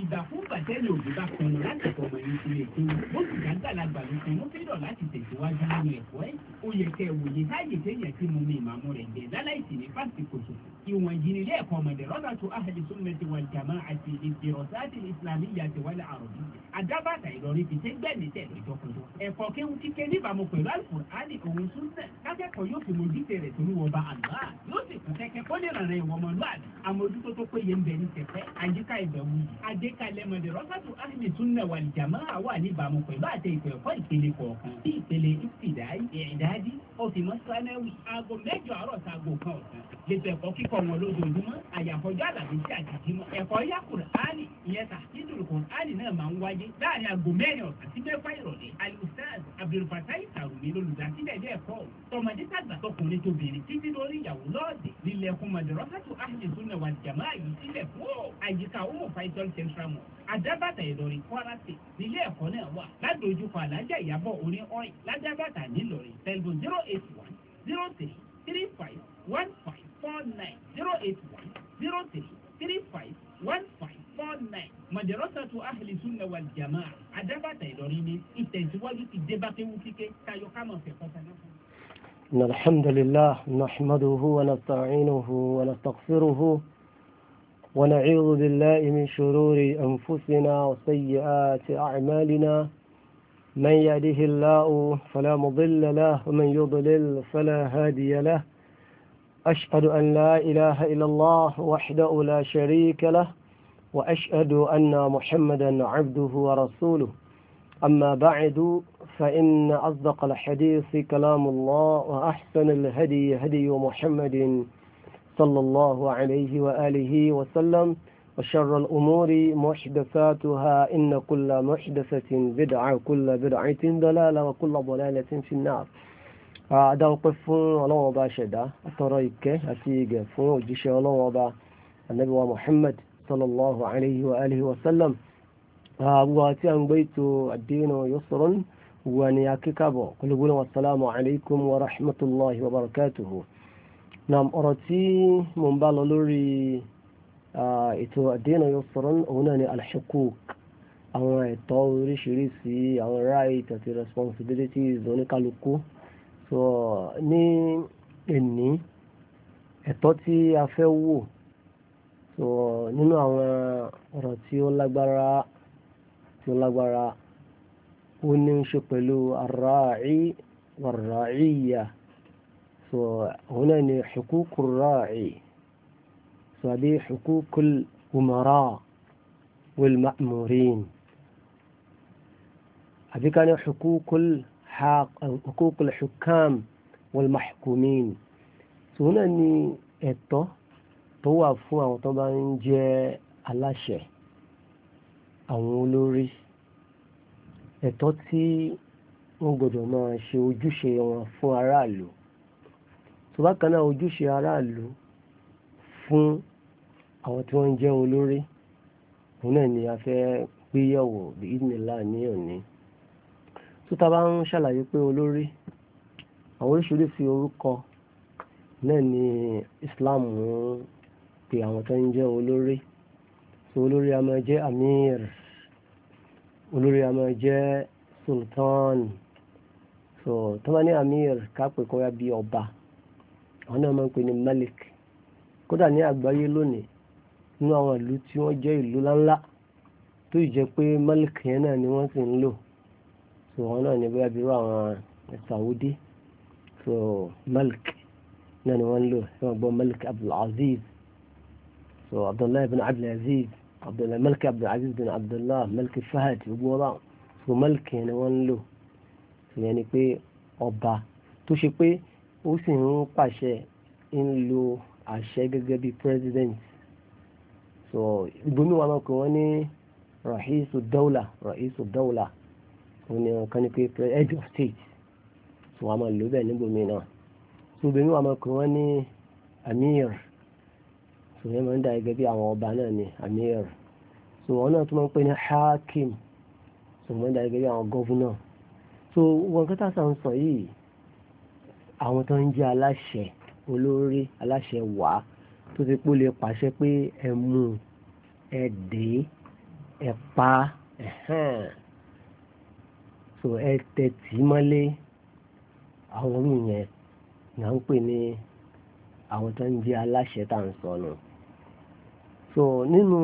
ìgbà fún bàtẹ́ ni òbí bá pinnu láti fọmọ yín sílé tó ó sì dàgbàlagbà ló pinnu fẹ́ràn láti tẹ̀síwájú nínú ẹ̀kọ́ ẹ̀ ó yẹ kẹ́ wòye láàyè téèyàn tí mo mi ìmàmú rẹ̀ jẹ́ láláìsí ní fásitì kòtò ìwọ̀n ìjìnlẹ̀ ilé ẹ̀kọ́ ọmọdé rọ́dà tó ahli sunnati wal jama'ati ìdìrọ̀sáàdì islamiyyati wal arabi àdábàtà ìrọ̀rí fi ṣe gbẹ̀mí tẹ̀ lọ́jọ́kọjọ́ ẹ̀kọ́ kéwu kíkẹ́ níbàámu pẹ̀lú al-Qur'ani òun súnṣẹ̀ kákẹ́kọ̀ọ́ yóò fi mójútè rẹ̀ tó lúwọ́ bá àlá yóò sì kún kẹ́kẹ́ kó lè rànrẹ́ ìwọ̀mọ̀lúwàdì àmójútó tó péye ń bẹ ní kẹfẹ́ àyíká ìbẹ̀wò yìí àgbékalẹ̀ mọ̀dẹ̀rọ́sàtù ahmed sunna wal jamaa wà níbàámu pẹ̀lú àti ìpè ìpele kọ̀ọ̀kan sí ìpele ìsìdáì ẹ̀ẹ́dáàdì ọ̀fìmọ̀ sanáwì aago mẹ́jọ àárọ̀ sago kan ọ̀sán lẹ́tọ̀ ẹ̀kọ́ kíkọ́ wọn lójoojúmọ́ àyàfọ́jọ́ àlàbísí àjàjímọ́ ẹ̀kọ́ yá kùránì ìyẹn tà títúrù kùránì náà máa ń wáyé láàrin aago mẹ́rin ọ̀sán sí mẹ́fà ìrọ̀lẹ́ alustaz abdulfatai tarumi lolùdásílẹ̀ ilé ẹ̀kọ́ tọmọdé tàgbà tọkùnrin tóbìnrin títí lórí ìyàwó lọ́ọ̀dẹ̀ lílẹ̀kùn mọ̀dẹ̀rọ́sàtù ahmed sunna wal yìí sílẹ̀ fún àyíká ó mọ̀ fàìtọ́lù primary adábàtà ìlọrin kwara state nílé ẹ̀kọ́ náà wà ládojúkọ alájà ìyàbọ̀ orin oil ládábàtà nílọrin tẹlifon zero eight one zero three three five one five four nine zero eight one zero three three five one five four nine madarasatu ahli sunna wal jamaa adábàtà ìlọrin ni ìtẹ̀síwájú ti dé bá kéwú kíké tayo kámọ̀ fẹ́ kọ́ta náà. إن الحمد لله نحمده ونستعينه ونستغفره ونعوذ بالله من شرور أنفسنا وسيئات أعمالنا من يهده الله فلا مضل له ومن يضلل فلا هادي له أشهد أن لا إله إلا الله وحده لا شريك له وأشهد أن محمدا عبده ورسوله أما بعد فإن أصدق الحديث كلام الله وأحسن الهدي هدي محمد صلى الله عليه وآله وسلم وشر الأمور محدثاتها إن كل محدثة بدعة كل بدعة ضلالة وكل ضلالة في النار هذا آه، وقف الله وباشدة شدا أتريك أتيك فوجش الله أبا النبي محمد صلى الله عليه وآله وسلم أبواتي آه، أن بيت الدين يسر ونياكك أبو قلوبنا والسلام عليكم ورحمة الله وبركاته nam ọ̀rọ̀ tí mo ń bá lọ lórí ètò àdéhùn yóò sọ̀rọ̀ òun náà ni alhukuk àwọn ẹ̀tọ́ oríṣiríṣi àwọn right àti responsibilities oníkálukú so ní ẹ̀ní ẹ̀tọ́ tí a fẹ́ wò so nínú àwọn ọ̀rọ̀ tí ó lágbára tí ó lágbára ó ní í ṣe pẹ̀lú ar-ra'i so òun náà ni huququr ra'i so àbí huququl umara wal ma'murin àbí ká ní huququl huququl hukam wal mahkumin so òun náà ni ẹ̀tọ́ tó wà fún àwọn tó bá ń jẹ́ aláṣẹ àwọn olórí ẹ̀tọ́ tí wọ́n gbọ́dọ̀ máa ṣe ojúṣe wọn fún aráàlú ṣùgbọ́n kan náà ojúṣe aráàlú fún àwọn tí wọ́n ń jẹ́ olórí òun náà ni a fẹ́ gbéyẹ̀wò ìdílé ní òní tó ta bá ń ṣàlàyé pé olórí àwọn oríṣiríṣi orúkọ náà ni Islam ń pe àwọn tó ń jẹ́ olórí so olórí a máa jẹ́ amir olórí a máa jẹ́ sultan so tó bá ní amir ká pè kó yá bí ọba àwọn náà máa ń pè ní malik kódà ní àgbáyé lónìí nínú àwọn ìlú tí wọ́n jẹ́ ìlú láńlá tó jẹ́ pé malik yẹn náà ni wọ́n sì ń lò so àwọn náà ní bóyá bírú àwọn saudi so malik náà ni wọ́n ń lò ẹ wọ́n gbọ́ malik abdulaziz so abdullahi bin abdulaziz abdullahi malik abdulaziz bin abdullah malik fahad gbogbo wọn so malik yẹn ni wọ́n ń lò so yẹn ni pé ọba tó ṣe pé ó sì ń pàṣẹ ń lo àṣẹ gẹ́gẹ́ bí president so ìbomi wa máa pè wọ́n ní rahisu dawla rahisu dawla òun ni wọ́n kàn ní pé head of state so wọ́n máa lò bẹ́ẹ̀ níbomi náà so ìbomi wa máa pè wọ́n ní amir so yẹn máa ń dà gẹ́gẹ́ bí àwọn ọba náà ni amir so wọn náà tún máa ń pè ní hakim so wọ́n máa ń dà gẹ́gẹ́ bí àwọn gọ́vùnà so wọn kẹta sàn sọ yìí àwọn tó ń jẹ́ aláṣẹ olórí aláṣẹ wà tó ti pò lè pàṣẹ pé ẹ mú ẹ dé ẹ pa so ẹ tẹ̀tì mọ́lé àwọn nìyẹn là ń pè ní àwọn tó ń jẹ́ aláṣẹ tá à ń sọ nù. so nínú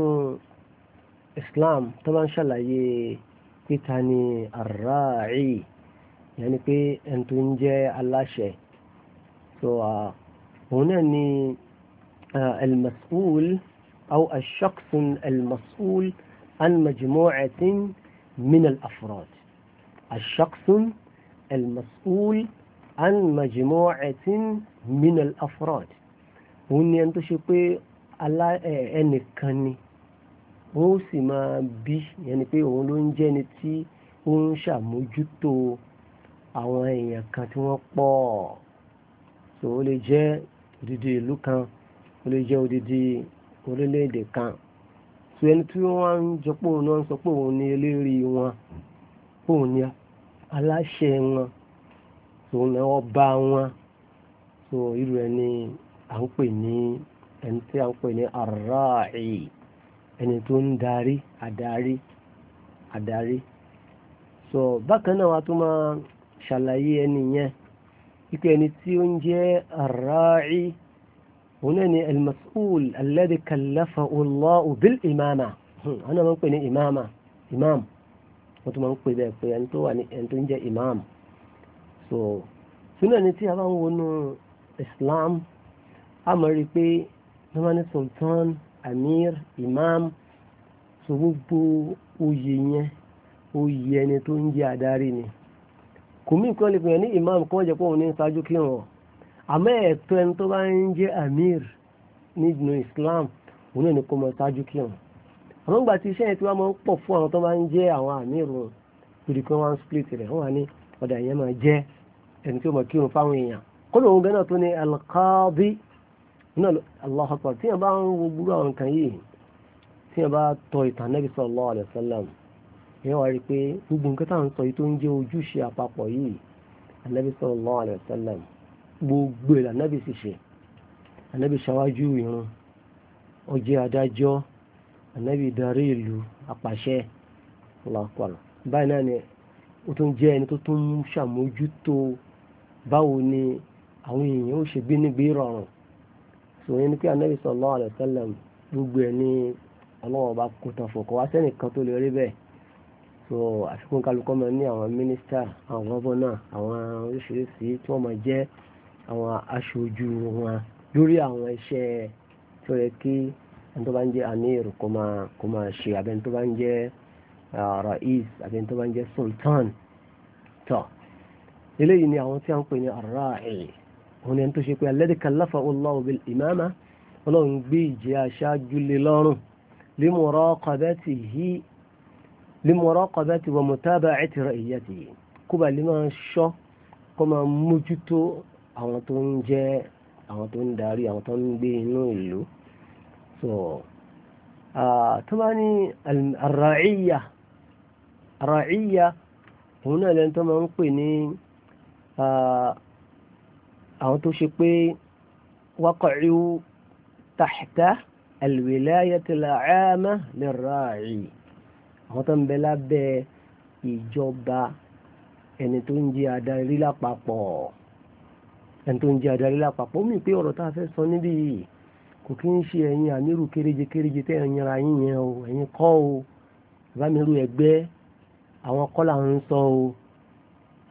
Islam tó bá ń ṣàlàyé pé ta ni ar-ra'i yẹn ni pé ẹni tó ń jẹ́ aláṣẹ so òun náà ni al-mas'ul aw ash-shakhs al-mas'ul an majmu'atin min al-afrad ash-shakhs al-mas'ul an majmu'atin min al-afrad òun ni ẹni tó ṣe pé ẹnìkan ni wọ́n ó sì máa bí ẹni pé òun ló ń jẹ́ni tí ó ń ṣàmójútó àwọn èèyàn kan tí wọ́n pọ̀ ọ́ so ó lè jẹ́ odidi ìlú kan ó lè jẹ́ odidi orílẹ̀-èdè kan so ẹni tí wọ́n ń jọ pé òun náà ń sọ pé òun ni eléri wọn òun ni aláṣẹ wọn so òun náà ọba wọn so irú ni à ń pè ní ẹni tí à ń pè ní aráàì ẹni tó ń darí adarí adarí so bákan náà wàá tún máa ṣàlàyé ẹni yẹn ike ẹni tí ó ń jẹ́ ar-ra'i òun náà ni al-mas'ul alladhi kallafahu Allahu bil imama hmm, àwọn náà máa ń pè ní imama imam wọ́n tún máa ń pè bẹ́ẹ̀ pé ẹni tó wà ní ẹni tó ń jẹ́ imam so sunna ni tí a bá ń wọnú islam a mọ̀ rí i pé wọ́n máa ní sultan amir imam so gbogbo oyè yẹn oyè ẹni tó ń jẹ́ adarí ni kò mí nǹkan lè pè ní imam kó wọ́n jẹ́ pé òun ní ṣáájú kírun ọ̀ àmọ́ ẹ̀tọ́ ẹni tó bá ń jẹ́ amir nínú islam òun náà ní kó mọ ṣáájú kírun àwọn ìgbà tí iṣẹ́ yẹn ti wá máa ń pọ̀ fún àwọn tó bá ń jẹ́ àwọn amir wọn lórí pé wọ́n split rẹ̀ wọ́n wà ní ọ̀dà ìyẹn máa jẹ́ ẹni tí ó máa kírun fáwọn èèyàn kódà òun gánà tó ní alqaadi náà Allahu akbar tíyẹn bá ń wo gbúrú àwọn nǹkan yìí tíyẹn bá tọ ìtàn Nabi sallallahu alaihi wasallam ìyẹn wà rí pé gbogbo nǹkan tá à ń sọ yìí tó ń jẹ́ ojúṣe àpapọ̀ yìí anabi sallallahu alayhi wa sallam gbogbo ẹ̀ anabi sì ṣe anabi ṣáwájú irun ó jẹ́ adájọ́ anabi darí ìlú apàṣẹ ọlọ́pàá báyìí náà ni ó tún jẹ́ ẹni tó tún ṣàmójútó báwo ni àwọn èèyàn ó ṣe gbé nígbé rọrùn sòyìn ní pé anabi sallallahu alayhi wa sallam gbogbo ẹ̀ ní ọlọ́wọ́ bá kó tán fòkó wá sẹ́nìkan tó lè rí bẹ́ẹ̀ so àfikún kálukọ́ máa ní àwọn mínísítà àwọn gọ́vọ́nà àwọn oríṣiríṣi tí wọ́n máa jẹ́ àwọn aṣojú wọn lórí àwọn iṣẹ́ tí ó yẹ kí ẹni tó bá ń jẹ́ amir kó máa kó máa ṣe abẹ́ni tó bá ń jẹ́ rais abẹ́ni tó bá ń jẹ́ sultan tó eléyìí ni àwọn tí a ń pè ní aráàlì òun ni ẹni tó ṣe pé alladhi kallafahu Allahu bil imama ọlọ́run gbé ìjẹ́ aṣáájú lé lọ́rùn li muraqabatihi limuraqabati wa mutaba'ati ra'iyatihi kó ba lè máa ṣọ́ kó máa mójútó àwọn tó ń jẹ́ àwọn tó ń darí àwọn tó ń gbé inú ìlú so tó bá ní ar-ra'iyya ar-ra'iyya òun náà lẹ́nu tó máa ń pè ní àwọn tó ṣe pé waqa'u tahta al-wilayati al-'amma lir àwọn tó ń bẹ lábẹ́ ìjọba ẹni tó ń jẹ́ adarí lápapọ̀ ẹni tó ń jẹ́ adarí lápapọ̀ ó mì pé ọ̀rọ̀ tá a fẹ́ sọ níbí yìí kò kí ń ṣe ẹ̀yin àmírù kéréje kéréje tẹ́ ẹ̀yin ara yín yẹn o ẹ̀yin kọ́ o ìbámirú ẹgbẹ́ àwọn kọ́ ń sọ o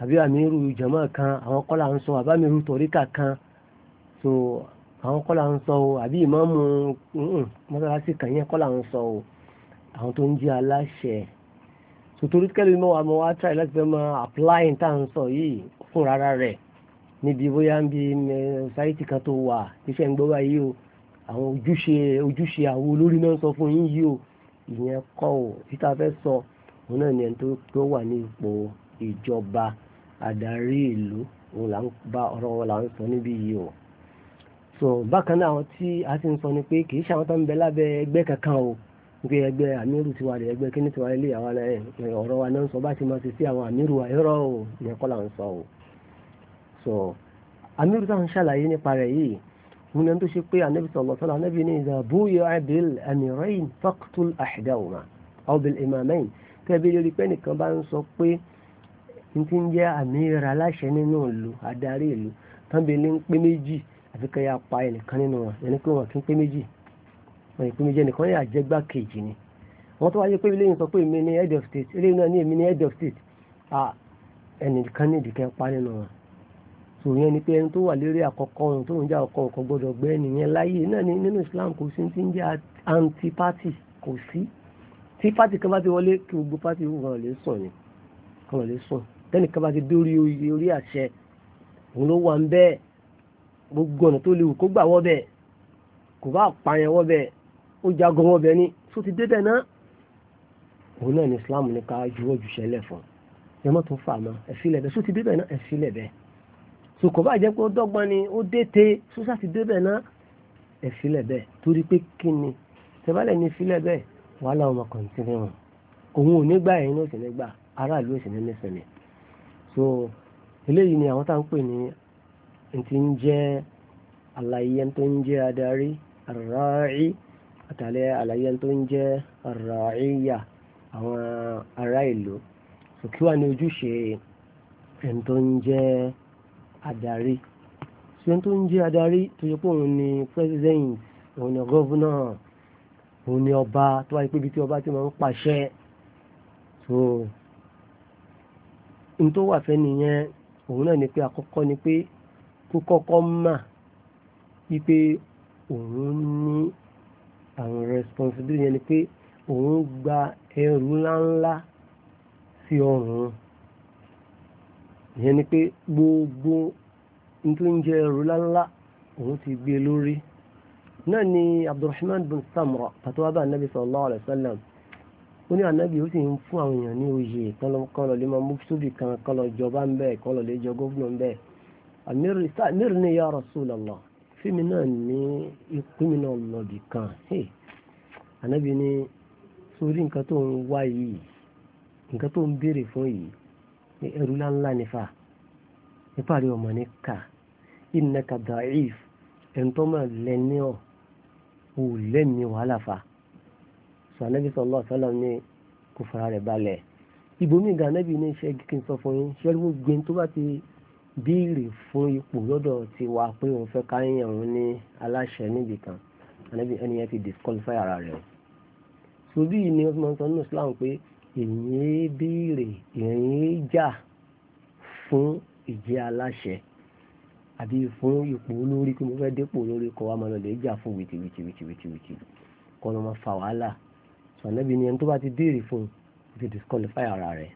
àbí àmírù jàmá kan àwọn kọ́ ń sọ àbámirú tọ̀ríkà kan so àwọn kọ́ là ń sọ o àbí ìmáàmù mọ́sálásí kan yẹn kọ́ ń sọ o àwọn tó ń jẹ́ aláṣẹ sotori kẹ́lẹ́ mọ́ àmọ́ wá try láti fẹ́ máa apply tá à ń sọ yìí fún rárá rẹ̀ níbi bóyá ń bi ṣáìtì kan tó wà iṣẹ́ ń gbọ́ báyìí o àwọn ojúṣe ojúṣe àwọn olórí náà sọ fún yín yìí o ìyẹn kọ́ ò títà fẹ́ sọ òun náà ni ẹni tó wà ní ipò ìjọba adarí ìlú òun là ń bá ọ̀rọ̀ wọn là ń sọ níbí yìí o so bákan náà àwọn tí a ti ń sọ ni pé kì í ṣe àwọn tó ń bẹ lábẹ́ ẹgbẹ́ kankan o nígbà ẹgbẹ́ àmírù ti wà lè ẹgbẹ́ kíní ti wà lè àwọn ọ̀rọ̀ wa náà ń sọ bá ti máa ṣe sí àwọn àmírù wa ẹ̀rọ o ìyẹn kọ́ là ń sọ o sọ àmírù táwọn ṣàlàyé nípa rẹ̀ yìí wọn náà tó ṣe pé anabi sallallahu alaihi anabi ní ìdá bóyá bil amirain faqtul ahdahuma aw imamain tẹ́bi lórí pé nìkan bá ń sọ pé ti ń jẹ́ àmìrà aláṣẹ nínú ìlú adarí ìlú tán ń pé méjì àfikẹ́ yà pa ẹnìkan nínú wọn ẹni pé wọn kì í pé méjì wọn ìpín méjì nìkan yà jẹ́ gbá kejì ni wọ́n tó wáyé pé eléyìí sọ pé èmi ni head of state eléyìí náà ní èmi ni head of state ah ẹnìkan ní ìdíkẹ́ pa nínú wọn sòyẹn ni pé ẹni tó wà lérí àkọ́kọ́ ohun tó ń jẹ́ ọkọ̀ ọkọ̀ gbọ́dọ̀ gbẹ́ nìyẹn láyé náà ni nínú Islam kò sí ti ń jẹ́ antipati kò sí tí pati kan bá ti wọlé kí gbogbo pati wù wọn lè sùn ni wọn lè sùn tẹ́nì kan bá ti dórí oyè orí àṣẹ òun ló wà ń bẹ́ẹ̀ gbogbo ọ̀nà tó léwu kó gbà wọ́ bẹ́ẹ̀ kò bá pààyàn wọ́ bẹ́ẹ̀ ó jagun ọbẹ̀ ni tó ti débẹ̀ náà òun náà ní islam ní ká juwọ́ ju ṣẹlẹ̀ fún ẹ mọ́ tó fà mọ́ ẹ sílẹ̀ bẹ́ẹ̀ tó ti débẹ̀ náà ẹ sílẹ̀ bẹ́ẹ̀ tó kò bá jẹ́ pé ó dọ́gbọ́n ni ó dété tó sá ti débẹ̀ náà ẹ sílẹ̀ bẹ́ẹ̀ torí pé kí ni tẹ́bálẹ̀ ní sílẹ̀ bẹ́ẹ̀ wàhálà ọmọ kọ̀ǹtínlẹ̀ wọn òun ò ní gbà ẹ̀yin náà sì ní gbà aráàlú ò sì ní nífẹ̀ẹ́ mi so eléyìí ni àwọn tá à ń pè àtàlẹ́ àlàyé tó ń jẹ́ ràáyà àwọn ará ìlú kí wà ní ojúṣe ẹni tó ń jẹ́ adarí tí ẹni tó ń jẹ́ adarí tó yẹ pé òun ni president òun ni gọ́vùnà òun ni ọba tó wáyé pé ibi tí ọba ti máa ń pàṣẹ so n tó wà fẹ́ nìyẹn òun náà ni pé àkọ́kọ́ ni pé kó kọ́kọ́ mà wípé òun ní àwọn responsibility yẹn ni pé òun gba ẹrù ńláńlá sí ọrùn ìyẹn ni pé gbogbo tó ń jẹ ẹrù ńláńlá òun ti gbé lórí náà ni Abdurrahman bin Samra pàtó wá bá anabi sallallahu alayhi wa sallam ó ní ànábì ó sì ń fún àwọn èèyàn ní oyè kọlọ lè máa mú sóbì kan kọlọ jọba ń bẹ kọlọ lè jọ gómìnà ń bẹ amir ni ya Rasulullah fíìmù náà ní ìpínmi náà lọ́ọ̀dì kan ànábì ní sórí nǹkan tó ń wá yìí nǹkan tó ń béèrè fún yìí ẹrú láńlá nífà nípa rí ọmọ ní ká innaka da'if ẹ̀ńtọ́ máa lẹ́ni ọ̀ ò lẹ́ni wàhálà fa sọ ànábì sallallahu alaihi ní kò fara rẹ̀ balẹ̀ ibòmíì gan ní iṣẹ́ kíkín sọ fún yín ṣẹ́rí gbogbo tó bá ti béèrè fún ipò lọ́dọ̀ tiwa pé òun fẹ́ ká yàn òun ní aláṣẹ níbì kan ànábì ẹni yẹn ti disqualify ara rẹ̀ o. sobi ni wọ́n fi máa ń sọ nínú Islam pé èyí béèrè èyí jà fún ìjẹ́ aláṣẹ àbí fún ipò olórí pé mo fẹ́ dépò olórí kọ́ wa máa lọ lè jà fún wìtìwìtì wìtìwìtì kọ́ ló máa fa wàhálà sọ ànábì ni ẹni tó bá ti béèrè fún un ti disqualify ara rẹ̀.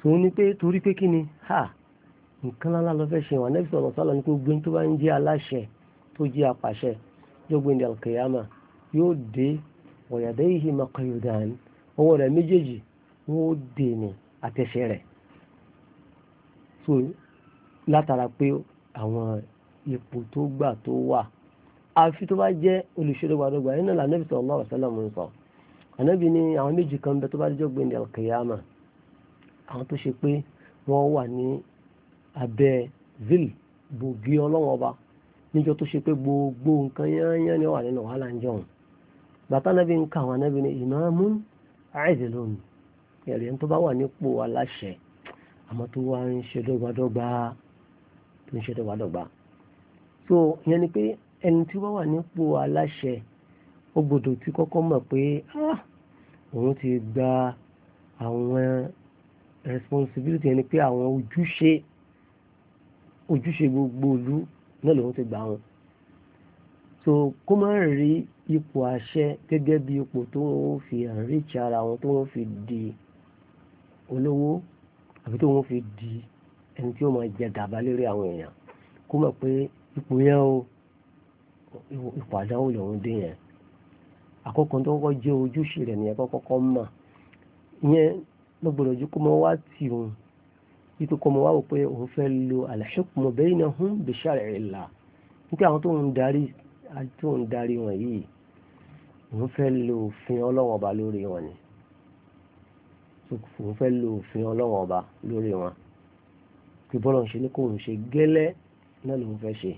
sọ ní pé torí pé kí ni ha. So, nǹkan lánàá lọ fẹ́ ṣe wọn anẹ́bí sọ̀rọ̀ sọ́lá ní gbogbo tó bá ń jẹ́ aláṣẹ tó jẹ́ apàṣẹ jọ́gbìn ní alkiyama yóò dé ọ̀yàdẹ́ yìí maqayudan ọwọ́ rẹ̀ méjèèjì wọ́n ó dè ní àtẹ̀ṣẹ́ rẹ̀ so látara pé àwọn ipò tó gbà tó wà àfi tó bá jẹ́ olùṣèlúgbàdọ́gba iná là anẹ́bí sọ̀rọ̀ lọ́wọ́ sọ́lá mú sọ anẹ́bí ní àwọn méjì kan bẹ tó bá jọ́gbìn ní alkiyama àwọn tó ṣe pé wọ́n wà ní abẹ́ zil bògì ọlọ́wọ́ ọba níjọ tó ṣe pé gbogbo nǹkan yányán ni ó wà nínú wàhálà ń jọun bàtà nàbí ń ka àwọn anábì ní ìmáàmù àìdìlónì ẹ̀rí ẹni tó bá wà nípò aláṣẹ àmọ́ tó wá ń ṣe dọ́gbadọ́gba tó ń ṣe dọ́gbadọ́gba so ìyẹn ni pé ẹni tí ó bá wà nípò aláṣẹ ó gbọ́dọ̀ ti kọ́kọ́ mọ̀ pé ah, òun ti gba àwọn responsibility ẹni pé àwọn ojúṣe ojúṣe gbogbo olú náà lòun ti gbà wọn so kó má rí ipò àṣẹ gẹ́gẹ́ bí ipò tó ń fi àríkì ara wọn tó ń fi di olówó àbí tó ń fi di ẹni tí ó máa jẹ gàba lérí àwọn èèyàn kó mọ̀ pé ipò yẹn o ipò àdáwò lòun dé yẹn àkọ́kọ́ tó kọ́kọ́ jẹ́ ojúṣe rẹ̀ nìyẹn kọ́kọ́ mọ̀ ìyẹn ló gbọ́dọ̀ kó mọ wá tì òun wípé kọ́ mọ̀ wá wò pé òun fẹ́ lo al-hukmu baynahum bi shar'illah nítorí àwọn tó ń darí tó ń darí wọn yìí òun fẹ́ lo òfin ọlọ́wọ́n ọba lórí wọn ni òun fẹ́ lo òfin ọlọ́wọ́n ọba lórí wọn pé bọ́lọ̀ ń ṣe ní kò ń ṣe gẹ́lẹ́ náà lòun fẹ́ ṣe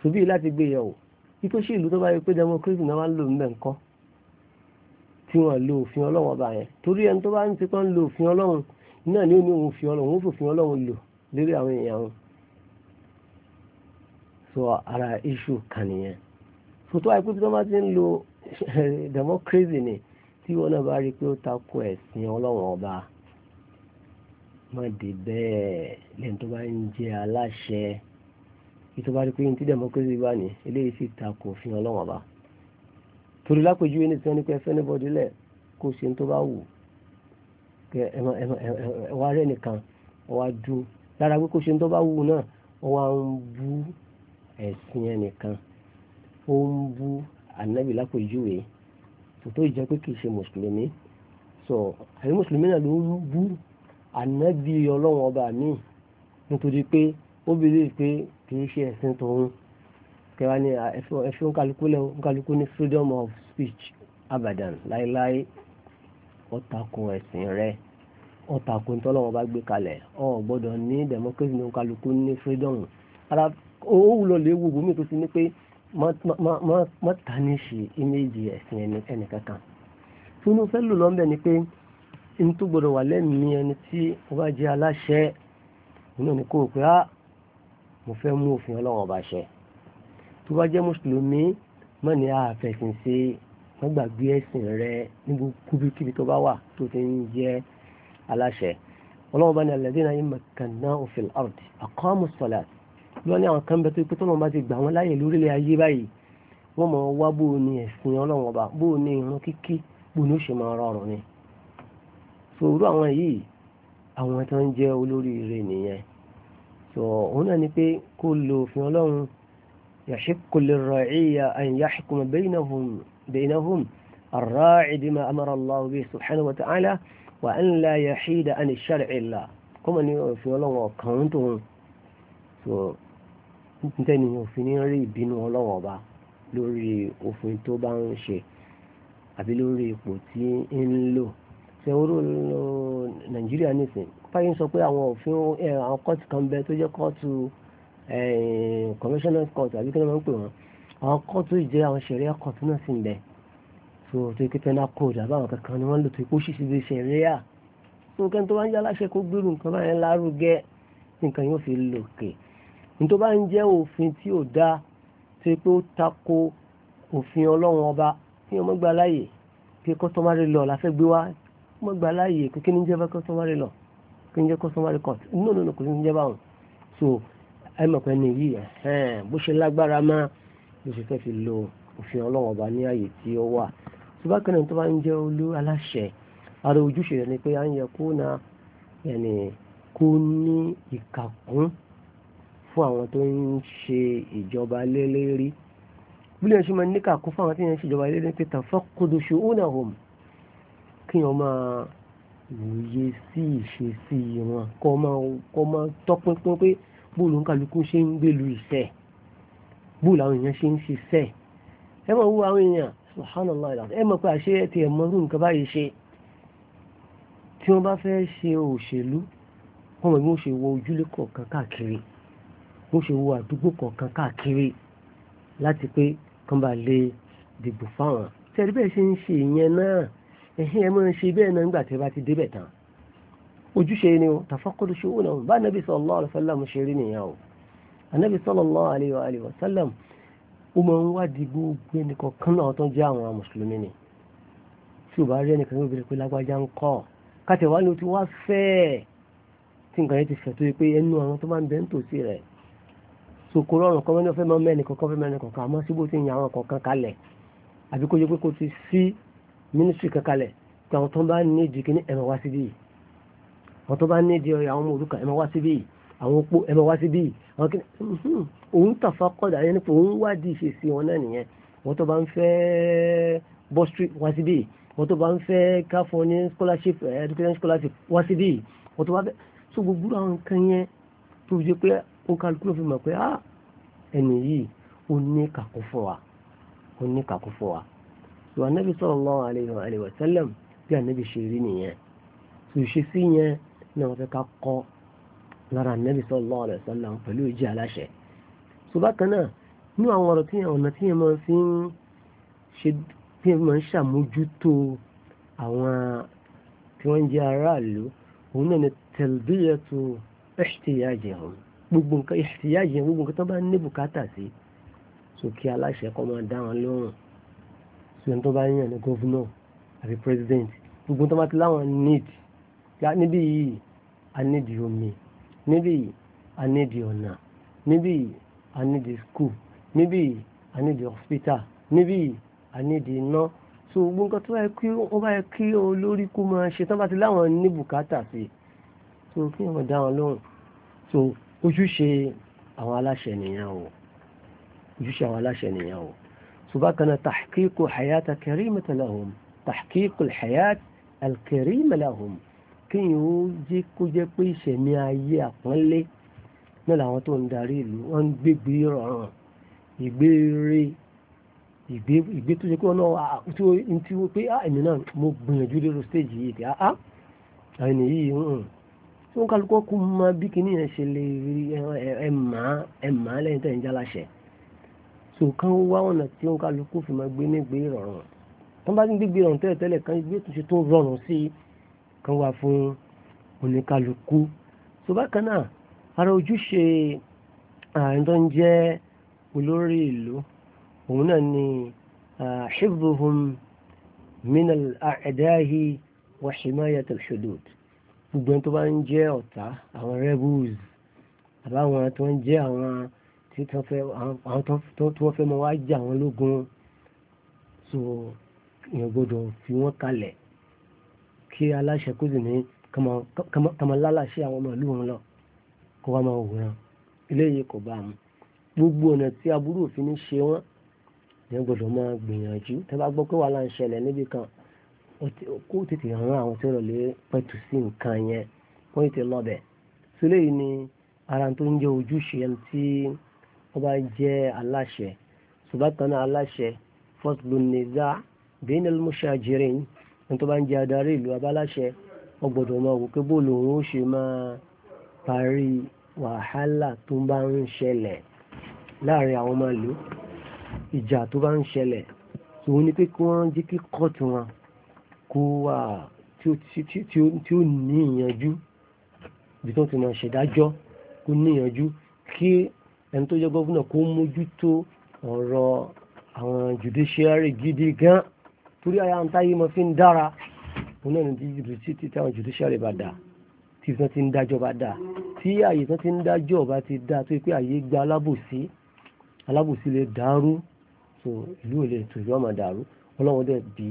ṣùbí láti gbé yẹ̀wò wípé ṣé ìlú tó bá yẹ pé democracy náà máa ń lò ń bẹ̀ ń tí wọ́n lo òfin ọlọ́wọ́n ọba yẹn torí ẹni tó bá ń ti pọ́n lo òfin ọlọ́wọ́n náà ni ó ní òun fi ọlọ́run òun fòfin ọlọ́run lò lérí àwọn èèyàn òun sọ ara iṣu kan nìyẹn sọtọ àìpé tí wọn bá ti ń lo democracy ni tí wọn náà bá rí i pé ó takò ẹ̀sìn ọlọ́run ọba má dé bẹ́ẹ̀ lẹ́yìn tó bá ń jẹ aláṣẹ kí tó bá rí i pé ní tí democracy bá ní eléyìí sì takò òfin ọlọ́run ọba torí lápèjúwe ní tí pé ẹ bọ́dí lẹ̀ kó ṣe ní tó bá wù kẹ ẹmọ ẹmọ ẹwà rẹ nìkan ọwà dúró lára pé kó ṣe ń tó bá wù náà ọwà ń bú ẹ̀sìn ẹnìkan ó ń bú ànábì lápòjúwe tó ìjọ pé kì í ṣe mùsùlùmí sọ àyè mùsùlùmí náà ló ń bú ànábì ọlọ́run ọba mi nítorí pé ó believe pé kì í ṣe ẹ̀sìn tòun kẹwa ni ẹ̀fọ́ nkálukú ní freedom of speech abadan láéláé. Like, like, ọ̀tàkùn ẹ̀sìn rẹ ọ̀tàkùn tọ́lọ́wọ́ bá gbé kalẹ̀ ọ̀ gbọ́dọ̀ ní democracy ní kálukú ní freedom ara ó wúlò léwu bùnmí tó ti ní pé má ta ní ṣe iméjì ẹ̀sìn ẹnìkankan tó fẹ́ lò lọ́nbẹ̀ ni pé n tó gbọ́dọ̀ wà lẹ́mìí ẹni tí ó bá jẹ́ aláṣẹ nínú ni kò pé á mo fẹ́ mú òfin ọlọ́wọ́n bá ṣẹ tó bá jẹ́ mùsùlùmí mọ́ ni a fẹ̀sìn sí i wọ́n gbàgbé ẹ̀sìn rẹ níbi kúbíkíbi tó bá wà tó ti ń jẹ́ aláṣẹ ọlọ́run bá ní alladhina makkannahum fil ardi aqamus salat lọ́ní àwọn kan bẹ tó pé tọ́lọ́run bá ti gbà wọ́n láàyè lórílẹ̀ ayé báyìí wọ́n mọ̀ wá bó ní ẹ̀sìn ọlọ́run ọba bó ní irun kíkí bó ní ó ṣe máa rọrùn ni sòwúrò àwọn yìí àwọn tó ń jẹ́ olóríire nìyẹn بينهم الراعي بما أمر الله به سبحانه وتعالى وأن لا يحيد عن الشرع إلا كما في الله وكانتهم nítorí òfin ní rí ìbínú ọlọ́wọ́ ọba lórí òfin tó bá ń ṣe àbí lórí ipò tí ń lò ṣe oró nàìjíríà nìsín fáyín sọ pé àwọn òfin àwọn kóòtù kan bẹ tó jẹ́ kóòtù conventional court àbí kí ni wọ́n ń pè wọ́n àwọn kóòtù jẹ́ àwọn ṣẹ̀ríà kóòtù náà sì ń bẹ so tó yẹ kí penal code àbáwọn kankan ni wọ́n lò tó yẹ kó ṣìṣe bí ṣẹ̀ríà nǹkan tó bá ń jẹ́ aláṣẹ kó gbèrú nǹkan báyẹn lárugẹ nǹkan yóò fi lòkè nítorí bá ń jẹ́ òfin tí ò dáa tó yẹ pé ó tako òfin ọlọ́run ọba kí wọ́n mọ́gbà láàyè kí customary law la gbé wá mọ́gbà láàyè kí kí ni jẹ́ bá customary kí ni jẹ́ customary court no no no kò ní jẹ́ báwọn so ẹ mọ̀ pé ní yìí bó ṣe lágbára máa ló ṣe fẹ́ fi lo òfin ọlọ́run ọba ní àyè tí ó wà ṣùgbọ́n kan náà tó bá ń jẹ́ olú aláṣẹ ara ojúṣe rẹ̀ ni pé à ń yẹ kó na yẹnì kó ní ìkàkún fún àwọn tó ń ṣe ìjọba lélẹ́rí bí lè ṣe máa ní ìkàkún fún àwọn tó ń ṣe ìjọba lélẹ́rí pé tàfọ́kùdù ṣùgbọ́n kí wọ́n máa wòye sí ìṣesí wọn kọ́ máa kọ́ máa tọ́pinpin pé bóòlù ń ṣe ń gbèlú iṣẹ́ bóòlù àwọn èèyàn ṣe ń ṣiṣẹ́ ẹ máa wo àwọn èèyàn subhanallah ìlànà ẹ mọ̀ pé àṣẹ ti ẹ̀mọ́ rú nǹkan báyìí ṣe tí wọ́n bá fẹ́ ṣe òṣèlú wọ́n mọ̀ bí wọ́n ṣe wo ojúlé kọ̀ọ̀kan káàkiri bó ṣe wo àdúgbò kọ̀ọ̀kan káàkiri láti pé kán bá lè dìbò fáwọn. tẹ́lẹ̀ bẹ́ẹ̀ ṣe ń ṣe ìyẹn náà ẹ̀hìn ẹ̀ máa ń ṣe bẹ́ẹ̀ náà nígbà tí ẹ bá ti débẹ̀ tán. ojúṣe ni o tàfọ́kọ́dọ̀ ṣòwò náà bá anabi sallallahu alaihi wasallam ṣe rí nìyẹn o anabi sallallahu alaihi wa sallam ó máa ń wádìí gbogbo ẹnìkan kan náà tó ń jẹ́ àwọn mùsùlùmí ni tí ò bá rí ẹnìkan yóò bèrè pé lágbájá ń kọ́ kàtẹ́ wá ni o ti wá fẹ́ẹ̀ tí nǹkan yẹn ti fẹ̀ tó yẹ pé ẹnu àwọn tó máa ń bẹ ń tòsí rẹ̀ sòkòrò ọ̀rùn kan mẹ́ni ọ̀fẹ́ máa mẹ́ni kankan fẹ́ mẹ́ni kankan àmọ́ síbò tí ń yan àwọn kankan kalẹ̀ àbí kó yẹ pé kó ti sí mínísírì kan kalẹ̀ pé àwọn tó bá ní ní ìdí àwọn ọmọ òrukàn wá síbí àwọn opó ẹ máa wá sí bíi àwọn kìnnì òun tàfà kọ́dà yẹn nípa òun wádìí ìṣesí wọn náà nìyẹn wọ́n tó bá ń fẹ́ bọ́ street wá sí bíi wọ́n tó bá ń fẹ́ káfọ́ ní scholarship eh, education scholarship wá sí bíi wọ́n tó bá fẹ́ so gbogbo àwọn nǹkan yẹn tó fi ṣe pé ó kálukú ló fi mọ̀ pé ah, ẹnì yìí ó ní kàkó fún wa ó ní kàkó fún wa so anabi sallallahu alayhi wa sallam bí anabi ṣe rí nìyẹn so ìṣesí yẹn náà wọ́n fẹ́ ká kọ́ lára nẹ́bí sallallahu alaihi wasallam pẹ̀lú ìjì aláṣẹ. tó bákan náà nínú àwọn ọ̀rọ̀ tíyẹn ọ̀nà tíyẹn máa fi ń ṣe tíyẹn máa ń ṣàmójútó àwọn tí wọ́n ń jẹ́ aráàlú òun náà ni talbiyatu ihtiyajihum gbogbo nǹkan ihtiyajihum gbogbo nǹkan tó bá ní bùkátà sí sókè aláṣẹ kọ́ máa dá wọn lóhùn sóyún tó bá yàn ní gọ́vnọ̀ àbí president gbogbo tó bá ti láwọn need níbí yìí a need omi níbí anídìí ọ̀nà níbí anídìí skul níbí anídìí hospital níbí anídìí iná so gbogbo nǹkan tó báyìí kí wọ́n báyìí kí olórí kú máa ṣe tán bá ti láwọn ní bùkátà sí so kí wọ́n dá wọn lóhùn so ojúṣe àwọn aláṣẹ nìyẹn o ojúṣe àwọn aláṣẹ nìyẹn o so bákan náà tahqiqu hayata karimata lahum tahqiqu alhayat alkarimata lahum kéèyàn ó jẹ́ kó jẹ́ pé ìṣẹ̀mí ayé àpọ́nlé náà làwọn tó ń darí ìlú wọ́n ń gbégbé rọrùn ìgbére ìgbé tó ṣe pé ọ̀nà àkútí tí ó pé ẹ̀mí ah, náà mo gbìyànjú lérò stage yìí pé áá ah, ah, ẹni yìí hàn tí wọ́n kálukú kú mọ bí kìíní yẹn ṣe lè rí ẹ̀mà ẹ̀mà lẹ́yìn tẹ̀ ń jáláṣẹ̀ so kan wá ọ̀nà tí wọ́n kálukú fi máa gbé ní gbé rọrùn tó bá ní gbé rọrùn tẹ́lẹ̀ kan gbé tó ṣe tó rọrùn sí i kan wà fún oníkálukú tó bákan náà ara ojúṣe àárín tó ń jẹ́ olórí ìlú òun náà ni hifdhuhum min al-a'dahi wa himayat al-hudud gbogbo ẹni tó bá ń jẹ́ ọ̀tá àwọn rebels àbáwọn tó ń jẹ́ àwọn tí wọ́n fẹ́ mọ́ wá jà wọ́n lógun so èèyàn gbọ́dọ̀ fi wọ́n kalẹ̀ kí aláṣẹ kó sì ní kàmọ́láláṣẹ àwọn ọmọ ìlú wọn lọ kó wá máa wòran eléyìí kò bá mu gbogbo ọ̀nà tí aburú òfin ní ṣe wọ́n ní gbọ́dọ̀ máa gbìyànjú tẹ́ bá gbọ́ pé wàhálà ń ṣẹlẹ̀ níbi kan kó tètè rán àwọn tí wọ́n lè pẹ̀tù sí nǹkan yẹn wọ́n tètè lọ́bẹ̀ sílẹ̀ yìí ni ara tó ń jẹ́ ojúṣe ẹni tí wọ́n bá jẹ́ aláṣẹ ṣùgbọ́n aláṣẹ faslu niza bainal ní tó bá ń jẹ adarí ìlú abáláṣẹ ọgbọ̀dọ̀ máa wò pé bó lòun ó ṣe máa parí wàhálà tó bá ń ṣẹlẹ̀ láàrin àwọn ọmọ ìlú ìjà tó bá ń ṣẹlẹ̀ òun ni pé kí wọ́n jẹ́ kí kọ́ọ̀tù wọn kó wà tí ó ní ìyànjú bí tó ti máa ṣèdájọ́ kó ní ìyànjú kí ẹni tó jẹ́ gọ́vùnà kó mójútó ọ̀rọ̀ àwọn judiciary gidi gan torí àyà ń táyé mọ́ fi ń dára òun náà ní ti jùdíṣì tí táwọn jùdíṣàrì bá dáa tí wọ́n ti ń dájọ́ bá dáa tí àyè tó ti ń dájọ́ bá ti dáa tó yẹ pé àyè gba alábòsí alábòsí lè dàrú tó ìlú òlè tó ìlú ọmọ dàrú ọlọ́wọ́n dẹ̀ bí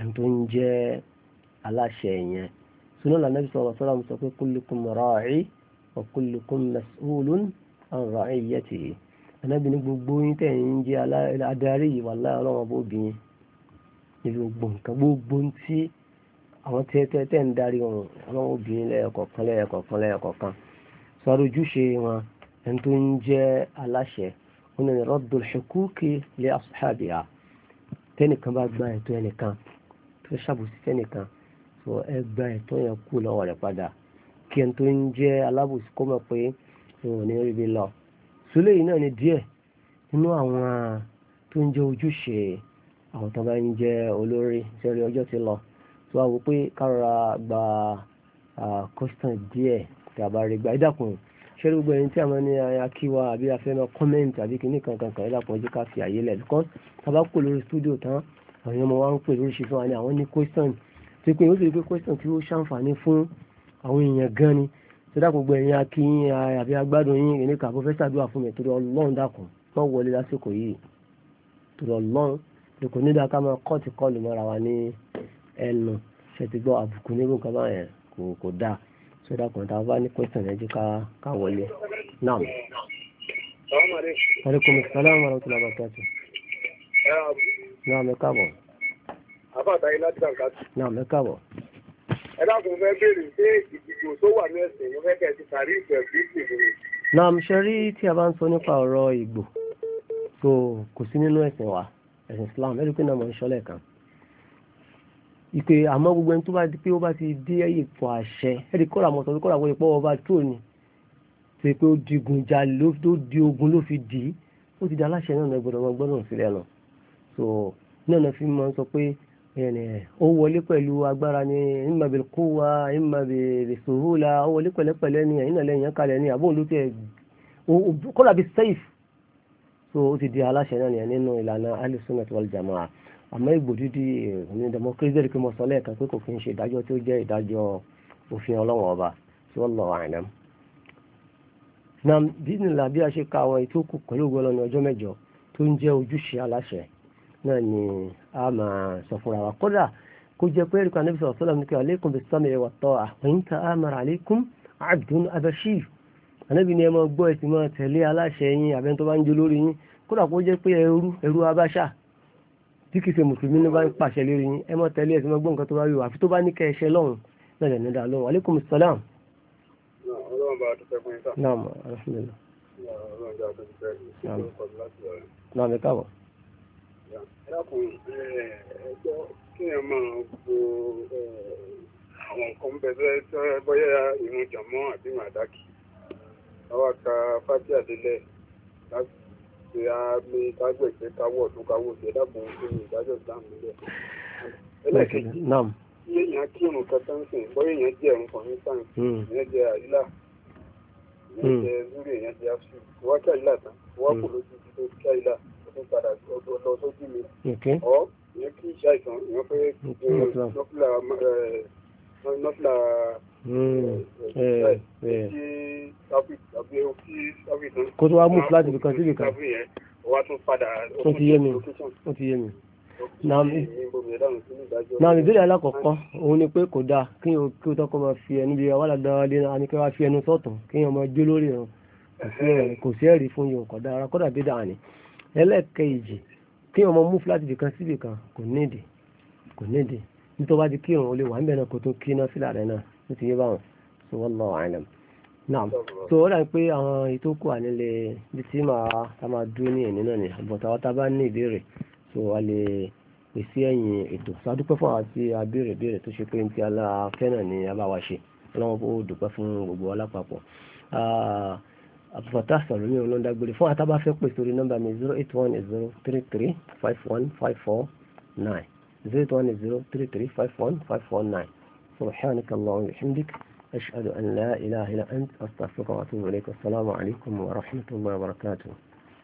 ẹni tó ń jẹ́ aláṣẹ yẹn sunu lànàbí sọ̀rọ̀ sọ́ra mi sọ pé kullukum ra'i wa kullukum mas'ulun an ra'iyatihi ní gbogbo yín tẹ̀ ń jẹ́ adarí ìwà láàárọ̀ ọmọ bóbi níbi gbogbo nǹkan gbogbo tí àwọn tẹ́tẹ́tẹ́ ń darí wọn àwọn obìnrin lẹ́yọkọ̀kan lẹ́yọkọ̀kan lẹ́yọkọ̀kan sọ́dọ̀ ojúṣe wọn ẹni tó ń jẹ́ aláṣẹ wọn ni rọ́dùn ṣekúkì lé àṣàbíà tẹ́nìkan bá gba ẹ̀tọ́ ẹnìkan tó ṣàbùsí tẹ́nìkan sọ ẹ gba ẹ̀tọ́ yẹn kú lọ́wọ́ rẹ̀ padà kí ẹni tó ń jẹ́ alábòsí kó mọ̀ pé wọn ò ní ríbi lọ sólè yìí náà ni díẹ̀ nínú àwọn tó ń jẹ́ ojúṣe àwọn tó bá ń jẹ́ olórí sẹ́rí ọjọ́ ti lọ tó wá wò pé kára gba kọ́sítàn díẹ̀ tí a bá rí gba ìdàkùn sẹ́rí gbogbo ẹni tí a máa ní akíwa àbí afẹ́nà kọ́mẹ́ǹtì àbí kìíní kankan kan ìdàkùn ọjọ́ ká fi àyè lẹ̀ because tá a bá kó lórí stúdíò tán àwọn ọmọ wa ń pè lóríṣi fún wa ní àwọn ní kọ́sítàn tí pé ó sì pé kọ́sítàn tí ó ṣàǹfààní fún àwọn èèyàn gan ni tó dá gbogbo ẹ̀yin akíyín àbí agbádùn yín ìníkà pọ́fẹ́sà dúà fún mi torí ọlọ́run dàkùn wọ́n wọlé lásìkò yìí torí ọlọ́run kò ní dáa ká máa kọ́ọ̀tì kọlù mọ́ra wa ní ẹnu ṣètìgbọ́ àbùkù nírú nǹkan báyẹn kò kò dáa ṣé dákun tá a bá ní kwẹ́sàn ẹjú ká wọlé náà. aleykum salaam wa rahmatulah barakatu. náà mi káàbọ̀. àbáta yìí láti dàgbàsí. náà mi káàbọ̀. ẹ dákun fẹ́ béèrè pé ìdìbò tó wà ní ẹ̀sìn mo fẹ́ kẹ́ ẹ ti tàrí ìfẹ́ sí ìdìbò. náà ṣe rí tí a bá ń sọ nípa ọ̀rọ̀ ìgbò kò sí nínú ẹ̀sìn wa ẹ̀sìn Islam ẹ̀rí pé náà mọ̀ ń ṣọ́lẹ̀ kan ìpè àmọ́ gbogbo ẹni tó bá di pé ó bá ti dé ipò àṣẹ ẹ̀rí kọ́ra mọ̀tọ́ tó kọ́ra wọ́n ipò ọba tó ní ṣe pé ó digun jalè ló di ogun ló fi dì í ó ti di aláṣẹ náà náà gbọdọ̀ gbọdọ̀ sílẹ̀ lọ so náà náà fi máa sọ pé ó wọlé pẹ̀lú agbára ni imma bil quwwa imma bi suhula ó wọlé pẹ̀lẹ́pẹ̀lẹ́ ni ẹ̀yìn náà lẹ́yìn kalẹ̀ ni àbóhùn ló ti kọ́ra bí safe so ó ti di aláṣẹ náà nìyẹn nínú ìlànà alisunet wal jamaa àmọ́ ìgbòdìdì ní democracy rí pé mo sọ lẹ́ẹ̀kan pé kò kí ń ṣe ìdájọ́ tí ó jẹ́ ìdájọ́ òfin ọlọ́wọ́n ọba tí wọ́n lọ àìnà. na bínílà bí a ṣe ka àwọn ètò kù pẹ̀lú ògbọ́n lọ ní ọjọ́ mẹ́jọ tó ń jẹ́ ojúṣe aláṣẹ náà ni a máa sọ fúnra wa kódà kó jẹ́ pé ẹ̀ríkà níbi sọ̀rọ̀ sọ́lá nìkan aleikum bí sami wa tọ́ amara aleikum abdun abashi ànábì ẹ máa gbọ́ ẹ máa tẹ̀lé aláṣẹ yín àbẹ́ntọ́ bá ń jẹ lórí yín kódà kó jẹ́ pé ẹrú ẹrú abáṣà tí kìí ṣe mùsùlùmí ní bá ń pàṣẹ lérí yín ẹ mọ́ tẹ́lẹ̀ ẹ̀sìn mọ́gbọ́n nǹkan tó bá rí o àfi tó bá ní kẹ́ ẹ ṣe lọ́hùn náà dá lọ́hùn aleykum salam. ọlọ́run bá a dúpẹ́ naam alhamdulilah. àwọn nǹkan bẹ́ẹ̀ tó bọ́yá ìrun jàmọ́ àbí màdákì. àwa ka fájí àdélẹ̀ láti pé a ní kágbẹ̀sẹ̀ káwọ̀ tó káwọ̀ tó dàbò tó ní ìdájọ́ islam nílẹ̀. ẹlẹ́kẹ̀jì bí èèyàn kírun kankan sìn bóyá èèyàn jẹ́ ẹ̀rùn kan ní sàn hmm. èèyàn jẹ́ àyílà èèyàn hmm. jẹ́ zúrì èèyàn jẹ́ asu wá kí àyílà tán wá kò hmm. lójú ti tó kí àyílà tó tún padà lọ sójú mi. ọ èèyàn kí ìṣàìsàn èèyàn fẹ́ nọ́fìlà hmm, eh, eh, eh. kó tó wá mú láti ibìkan sí ibìkan tó ti yé mi tó ti yé mi náà ìbéèrè alákọ̀ọ́kọ́ òun ni pé kò dáa kí o kí o tọ́kọ́ máa fi ẹnu bí i wàhálà dáadé náà ni kí wọ́n fi ẹnu sọ́tún kí wọ́n máa jó lórí ẹ̀rọ kò sí ẹ̀rí fún yòókù dára kódà bí dáa ni ẹlẹ́ẹ̀kejì kí wọ́n máa mú fúláàtì kan síbì kan kò nítorí wọ́n bá ti kí òun ó lè wà ń bẹ̀rẹ̀ kó tó kí náà sílà rẹ̀ náà ó ti yé báwọn so wallahu a'lam naam so ó dà pé àwọn ètò kù ànílẹ̀ bí tí màá tá máa dúró ní ẹ̀ní náà ni àbọ̀tà wa tá ní ìbéèrè so a lè pèsè ẹ̀yìn ètò so a dúpẹ́ fún àwọn tí a béèrè béèrè tó ṣe pé ní ti aláfẹ́ náà ni a bá wa ṣe ọlọ́wọ́n ó dúpẹ́ fún gbogbo alápapọ̀ àbúfàtà sọ̀rọ̀ ní olóńdàgbèrè fún àtàbàfẹ́ pèsè orí nọ́mbà mi zero eight one zero three three five one five four nine. 0103351 سبحانك اللهم وبحمدك أشهد أن لا إله إلا أنت أستغفرك وأتوب إليك والسلام عليكم ورحمة الله وبركاته